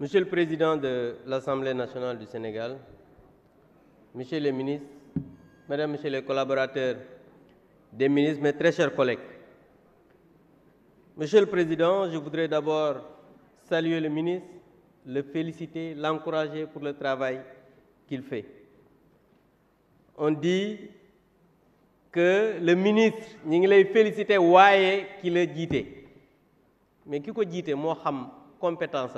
Monsieur le Président de l'Assemblée nationale du Sénégal, Monsieur le ministre, Mesdames, Messieurs les collaborateurs des ministres, mes très chers collègues, Monsieur le Président, je voudrais d'abord saluer le ministre, le féliciter, l'encourager pour le travail qu'il fait. On dit que le ministre il ngi féliciter le ki mais qui ko dit compétence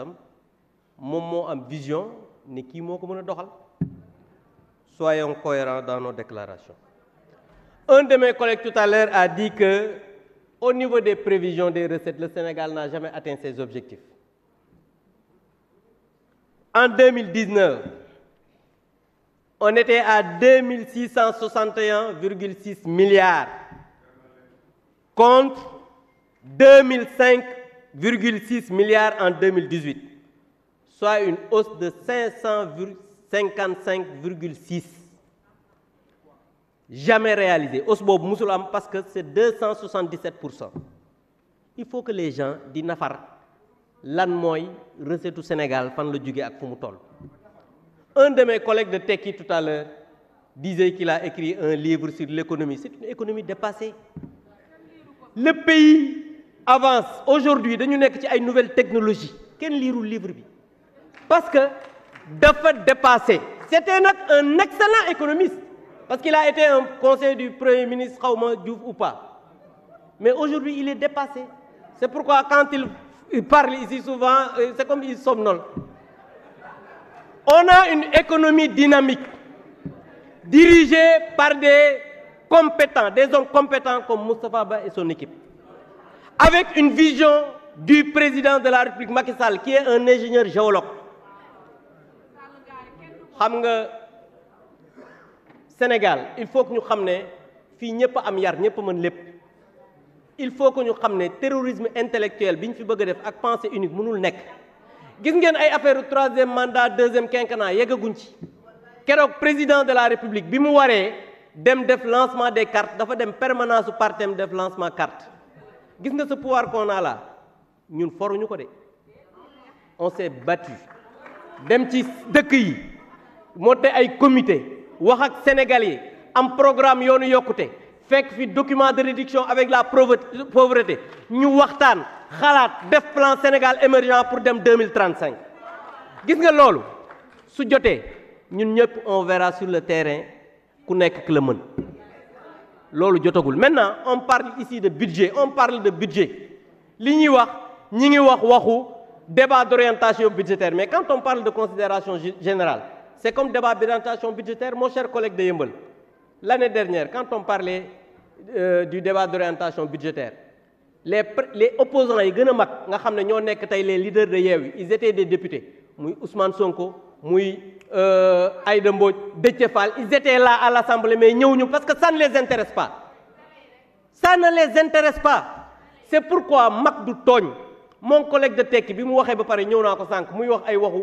mon am vision ni qui soyons cohérents dans nos déclarations un de mes collègues tout à l'heure a dit que au niveau des prévisions des recettes le Sénégal n'a jamais atteint ses objectifs en 2019 on était à 2661,6 milliards contre 2005,6 milliards en 2018 soit une hausse de 555,6. Jamais réalisée. Hausse parce que c'est 277 il faut que les gens disent « nafar lan mooy recette au Sénégal fan le jugé à Un de mes collègues de Teki tout à l'heure disait qu'il a écrit un livre sur l'économie. C'est une économie dépassée. Le pays avance. Aujourd'hui, nous une une nouvelle technologie technologies. livre vous livre parce que fait, dépassé c'était un excellent économiste parce qu'il a été un conseiller du premier ministre Khaouma Diouf ou pas mais aujourd'hui il est dépassé c'est pourquoi quand il parle ici souvent euh, c'est comme il somnole on a une économie dynamique dirigée par des compétents des hommes compétents comme Moustapha et son équipe avec une vision du président de la République Macky Sall qui est un ingénieur géologue xam nga Sénégal il faut que ñu xam ne fii ñëpp am yar ñëpp mën lépp il faut que ñu que le terrorisme intellectuel bi ñu fi bëgg a def ak pensée unique mënul nekk gis ngeen ay affaire troisième mandat deuxième quinquennat yeggaguñ ci keroog président de la république bi mu waree dem def lancement des cartes dafa dem permanence su partem def lancement carte gis nga ce pouvoir qu'on a là ñun foruñu ko dé on s'est battu dem ci dëkk yi à un comité wax ak sénégalais un programme yoonu yokkute fekk fi document de réduction avec la pauvreté Nous avons xalaat def plan Sénégal émergent pour dem 2035 gis nga que su jotee ñun on verra sur le terrain ce nekk ki le maintenant on parle ici de budget on parle de budget li débat d'orientation budgétaire mais quand on parle de considération générale c'est comme débat d'orientation budgétaire, mon cher collègue de Yembel. L'année dernière, quand on parlait euh, du débat d'orientation budgétaire, les, opposants les opposants, les, les leaders de Yéwi, ils étaient des députés. Ousmane Sonko, euh, Aïdembo, Détchefal, ils étaient là à l'Assemblée, mais ils parce que ça ne les intéresse pas. Ça ne les intéresse pas. C'est pourquoi Mac Doutogne, mon collègue de Teki, qui m'a dit que je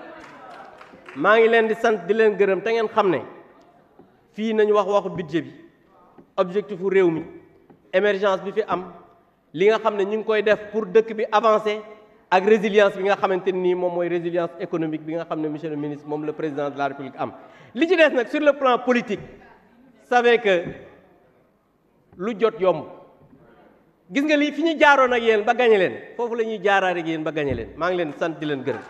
mangi len di sante di len geureum ta ngeen xamne fi nañ nañu wax waxu budget bi objectifu rewmi Emergence, émergence bi fi am li nga xamne ñing koy def pour dëkk bi avancer ak résilience bi nga xamanteni nii moom résilience économique bi nga xamne monsieur le ministre mom le président de la république am li ci dess nak sur le plan politique savez que lu jot yomb gis nga li fi ñu jaaroon ak yeen ba gagné len fofu la ñuy jaaraar ak ba gagné len maa ngi leen di len geureum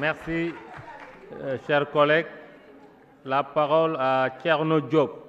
merci euh, chers collègues, la parole à Tcherno Diop.